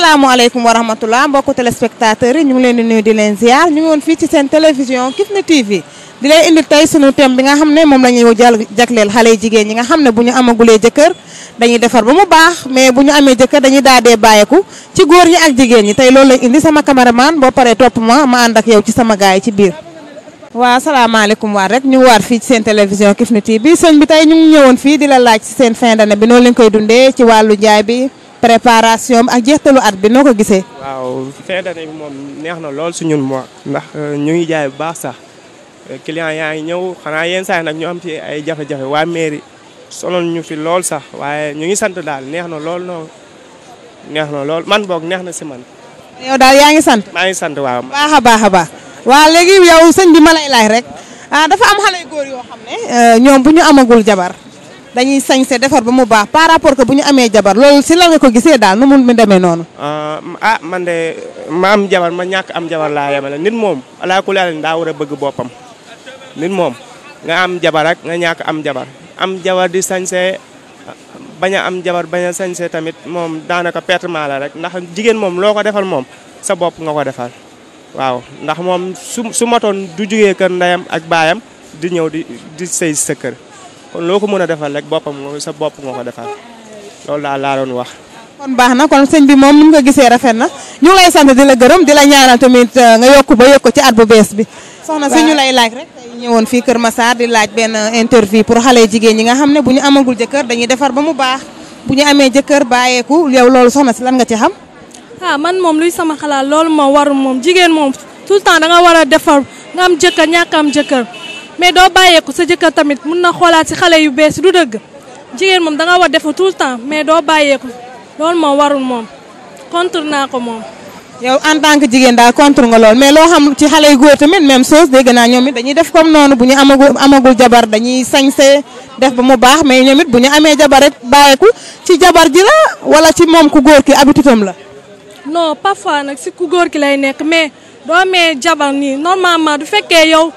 asalaamaaleykum wa rahmatulah mbokku téléspectateurs yi ñu ngi leen di nuyu di leen ziar ñu ngi woon fii ci seen télévision Kifne TV di leen indil tey sunu thème bi nga xam ne moom la ñuy jagleel jigéen ñi nga xam ne bu ñu dañuy defar ba mu baax mais bu ñu amee dañuy daal dee ci ñi ak jigéen ñi loolu indi sama cameraman boo paree topp ma ma ànd ak yow ci sama gaay ci biir. waaw asalaamaaleykum waat rek ñu ngi waat fii ci seen télévision Kifne TV sëñ bi tey ñu ngi ñëwoon fii di la laaj ci seen fin d'année bi koy dundee ci wàllu bi préparation ak jeextalu at bi noo ko gisee. waaw fin bi moom neex na lool su ñun mois. ndax euh, ñu ngi jaay bu baax sax euh, client yaa ngi ñëw xanaa yenn saa nag ñu am ci ay jafe-jafe waa mairie sonal ñu fi lool sax waaye ñu ngi sant daal neex na lool noonu neex na lool man boog neex na si man. yow daal yaa ngi sant. maa ngi sant waaw. baax a baax a baax waaw léegi yow sëñ bi ma lay laaj rek ah dafa am xale góor yoo xam ne euh, ñoom bu ñu amagul jabar. dañuy sañse defar ba mu baax par rapport que buñu amé jabar lool si la nga ko gisee daal nu mu démé non euh ah man dé ma am jabar ma ñak am jabar laa yemale nit mom ala ko alin daa wara bëgg bopam nit mom nga am jabar ak nga ñak am jabar am jabar di sañse bañ am jabar baña a tamit mom daanaka perte mala rek ndax mom mom loko ko mom sa bop nga ko defal waaw ndax mom su matone du jugé kër ndayam ak bayam di ñew di di sey sa kër kon loo ko mën a defal rek boppam sa bopp nga ko defal loolu daal laa doon wax. kon baax na kon sëñ bi moom ni mu ko gisee rafet na ñu lay sant di la gërëm di la ñaanal tamit euh, nga yokk ba ko ci at bu bees bi. soxna si ñu lay laaj rek tey ñëwoon fii Kër Massar di laaj benn interview pour xale jigéen ñi nga xam ne bu ñu amagul jëkkër dañuy defar ba mu baax bu ñu amee jëkkër bàyyeeku yow loolu soxna si lan nga ci xam. ah man moom luy sama xalaat loolu moom warul moom jigéen moom tout le temps da war a defar nga am jëkkër ñàkk mais doo bàyyeeku sa jëkkër tamit mun na xoolaat si xale yu bees du dëgg jigéen moom da nga war defu tout le temps mais doo bàyyeeku loolu moom warul moom contre naa ko moom. yow en tant que jigéen daal contre nga lool mais loo xam ci xale yu góor tamit même chose dégg naa ñoom dañuy def comme noonu bu ñu amagul amagul jabar dañuy sañse def ba mu baax mais ñoom it bu ñu amee jabar rek bàyyeeku ci jabar ji la wala ci moom ku góor ki habitutam la. non parfois nag si góor ki lay nekk mais doo amee jabar nii normalement du fekkee yow.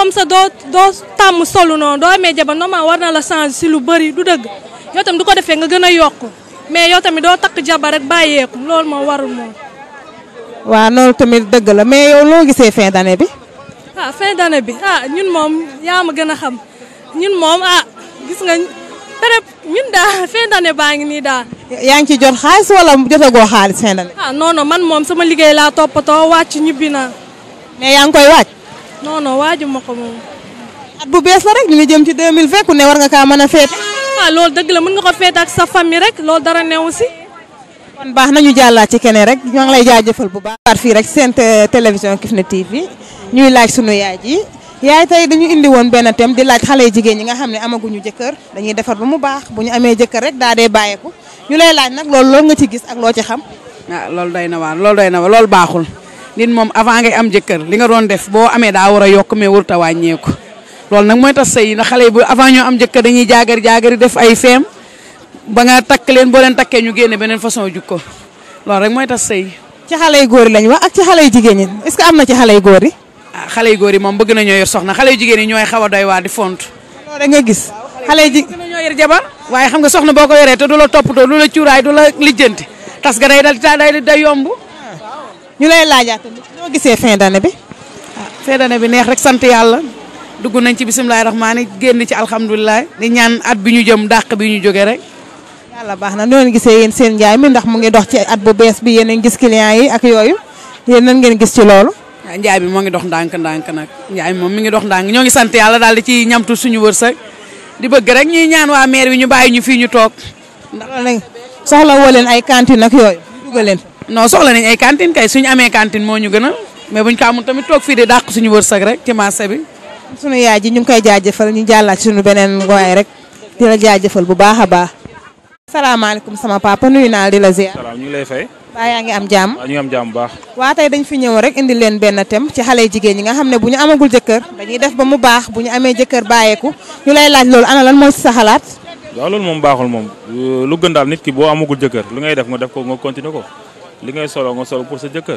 comme sa doo doo tàmm solu noonu doo amee jabar normal war na la changer si lu bëri du dëgg yow tamit du ko defee nga gën a yokk mais yow tamit doo takk jabar rek bàyyeeku loolu moo war moom. waaw loolu tamit dëgg la mais loo gisee fin d'année bi. ah fin bi ah, ñun moom yaa ma gën a xam ñun moom ah, gis nga prép ñun daal fin d'année baa ngi nii daal. yaa ngi ci jot xaalis wala jotagoo xaalis fin d'année. ah non non man moom sama liggéey laa toppatoo wàcc ñibbi naa. mais yaa ngi koy wàcc. non non waaju ma ko moom. at bu bees la rek ñu ngi jëm ci 2020 ku ne war nga kaa mën a feet. waaw ah, loolu dëgg la mën nga ko feet ak sa famille rek loolu dara newu si. kon baax nañu jàllaat ci keneen rek ñoo ngi lay jaajëfal bu baax. fii rek seen euh, télévision Kifne TV ñuy laaj sunu yaay ji yaay dañu indi woon benn thème di laaj xale jigéen ñi nga xam ne amaguñu jëkkër dañuy defar ba mu bu ñu amee jëkkër rek daa dee bàyyeeku ñu lay laaj nag loolu lool nga ci gis ak loo ci xam. waaw ah, loolu doy na day loolu doy loolu baaxul. nit moom avant ngay am jëkkër li nga doon def boo amee daa war a yokk mais warut a wàññeeku loolu nag mooy tas sëy na xale yi bu avant ñoo am jëkkër dañuy jaagari jaagari def ay feem ba nga takk leen boo leen takkee ñu génne beneen façon jukko loolu rek mooy tas sëy. ci xale yu góor yi wax ak ci xale yu jigéen ñi est que am na ci xale góor yi. ah xale yu góor yi moom bëgg nañoo yor xale jigéen ñi ñooy xaw a doy waa di font. loolu rek nga gis xale yi bëgg nañoo jabar waaye xam nga soxna boo ko yoree te du la toppatoo doo la cuuraay du la lijjant tas ga day dal day day yomb ñu lay laajaat tamit gisee fin d'année bi. Ah, fin d'année bi neex rek sant yàlla dugg nañ ci bisimilah rahmaani génn ci alhamdulilah di ñaan at bi ñu jëm dàq bi ñu jóge rek. yàlla baax na noonu gisee yéen seen njaay mi ndax mu ngi dox ci at bu bees bi yéen gis client yi ak yooyu yéen nan ngeen gis ci loolu. Ah, njaay bi moo ngi dox ndànk ndànk nag njaay bi moom mi ngi dox ndànk ñoo ngi sant yàlla daal di ci ñamtu suñu wërsëg di bëgg rek ñuy ñaan waa maire bi ñu bàyyi ñu fii ñu toog. ndax soxla woo leen ay cantine ak yooyu dugal non soxla nañ ay cantine kay suñu amee cantine moo ñu gënal mais buñ ko amul tamit toog fii di dàq suñu wërsëg rek ci marché bi. suñu yaay ji ñu ngi koy jëfal ñu jàllaat suñu beneen rek di bu baax a baax. salaamaaleykum sama papa nuyu naa di la ziar. salaam ñu ngi lay fay. waa yaa ngi am jàmm waaw ñu ngi am baax. waa tey dañ fi ñëw rek indi leen benn tem ci xale jigéen ñi nga xam ne bu ñu amagul jëkkër dañuy def ba mu baax bu ñu amee jëkkër bàyyeeku ñu lay laaj loolu ana lan mooy sa xalaat. waaw loolu moom baaxul moom lu gën daal nit ki boo amagul jëkkër lu ngay def nga def ko nga continuer ko. li ngay solo nga solo pour sa jëkke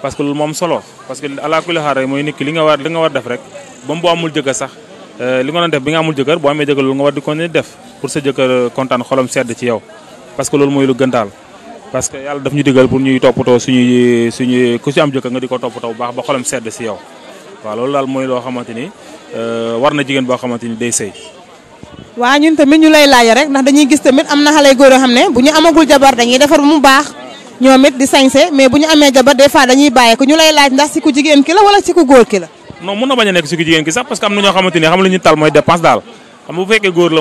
parce que loolu solo parce que ala kulli haray moy nek li nga war li nga war def rek ba mu amul jëkkër sax li nga don def bi nga amul jëkkër bo amé jëkkër lu nga war di continuer def pour sa jëkke contane xolam sedd ci yow parce que lool moy lu gën parce que yalla daf ñu diggal pour ñuy topoto suñu suñu ku ci am jëkke nga di ko bu baax ba xolam sedd ci yow wa lool dal moy lo xamanteni ni eh, warna jigen bo xamanteni day sey wa ñun tamit ñu lay laaj rek ndax dañuy gis tamit amna na goor góor bu ñu amagul jabar dañuy defar mu baax ñoom di sañsé mais buñu amé jabar des fois dañuy bayé ko ñu lay laaj ndax ci ku jigen ki la wala si ku góor ki la non mëna baña nek ci ku jigen ki sax parce que am na xamanteni xam lu ñu tal moy dépense dal xam bu féké la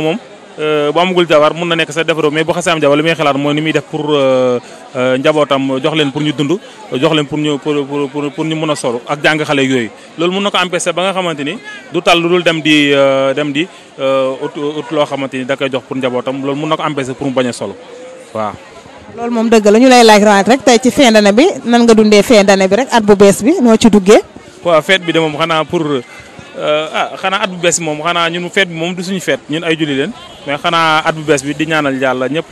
euh bu amugul jabar mëna nek sa défaro mais bu xasse am jabar limay xalaat moy ni mi def pour euh, euh, njabotam jox leen pour ñu dund jox leen pour ñu pour pour pour ñu mëna solo ak jang xalé yoy lool mëna ko empêcher ba nga xamanteni du tal lu dul dem di euh, dem di euh ut loo xamante da kay jox pour njabotam lool mëna ko empêcher pour mu baña solo waaw Lol mom deug la ñu lay laaj rant rek tay ci fin d'année bi nan nga dundé fin d'année bi rek at bu bes bi no ci duggé waaw fête bi de moom xanaa pour euh, ah xana at bu bes mom xana ñun fête bi moom du suñu fête ñun ay julli leen mais xana at bu bes bi di ñaanal yalla ñep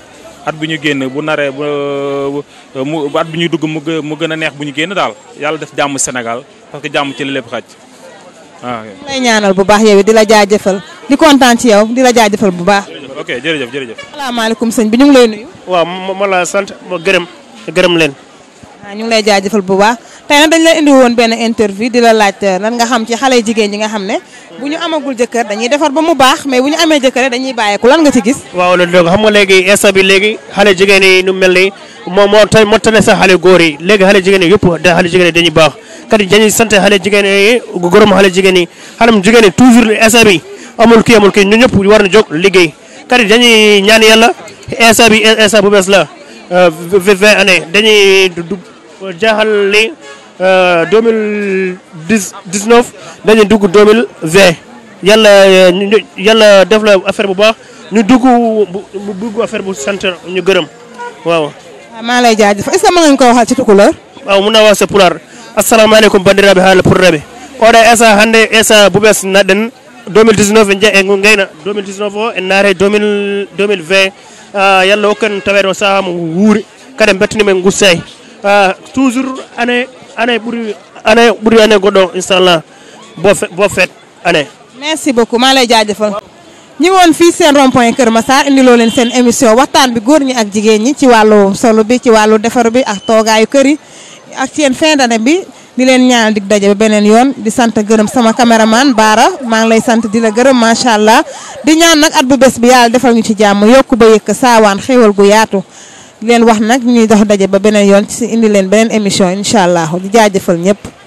at bu ñu genn bu naré euh, bu at bu ñu dugg mu mu gëna neex bu ñu genn dal. yalla def jamm Sénégal parce que jamm ci lepp lépp xaj lay ñaanal bu baax yow di la jaajeufal di kontan ci yow di la jaajeufal bu baax. ok jërëjëf jërëjëf. salaamaaleykum sëñ bi ñu ngi lay nuyu. waaw ma la sant ma gërëm gërëm leen. Ah, ñu ngi lay jaajëfal bu baax tey nag dañ la indi woon benn interview di la laaj euh, lan nga xam ci xale jigéen ñi nga xam ne bu ñu ama amagul jëkkër dañuy defar ba mu baax mais bu ñu amee jëkkër dañuy bàyyeeku lan nga ci gis waaw loolu dëgg xam nga léegi instant bi léegi xale jigéen yi nu mel ni moo moo tey moo tane sax xale góor yi léegi xale jigéen yi yëpp da xale jigéen yi dañuy baax kat dañuy sant xale jigéen yi gërëm xale jigéen yi xanam jigéen yi toujours instant bi amul kii amul kii war na jóg liggéey kari dañi ñaan yalla instant bi esa bu bes la euh, vingt année dañuy jaxal li 2019 dañi dugg 2020 yalla yalla def la affaire bu baax ñu dugg bu bëgg affaire bu sant ñu gërëm waaw ah, ma lay jaajëf est ce ma mën ko waxal ci tukuleur waaw mun naa wax sa pulaar asalaamaaleykum bandiraɓe haala purraɓe ore esa hande esa bu na den 2019 en jeeya en 2019 o 2020 ah, yalla hokkan taweɗo saaha mo wuuri kadi en bettanimen gussay ah, toujours année année ɓuuri année ɓuuri année goɗɗo o inchallah bo fet année merci beaucoup ma lay jaajëfal ñi woon fii seen rond point Kër Massar indiloo leen seen émission waxtaan bi góor ñi ak jigéen ñi ci wàllu solo bi ci wàllu defaru bi ak toogaayu kër ak seen fin d'année bi di leen ñaanal di daje ba beneen yoon di sant gërëm sama caméraman Baara maa ngi lay sant di la gërëm macha allah di ñaan nag at bu bés bi yàlla defal ñu ci jàmm yokku ba yëkk saawaan xéewal gu yaatu leen wax nag ñuy dox daje ba beneen yoon ci indi leen beneen émission incha allah di jaajëfal ñëpp.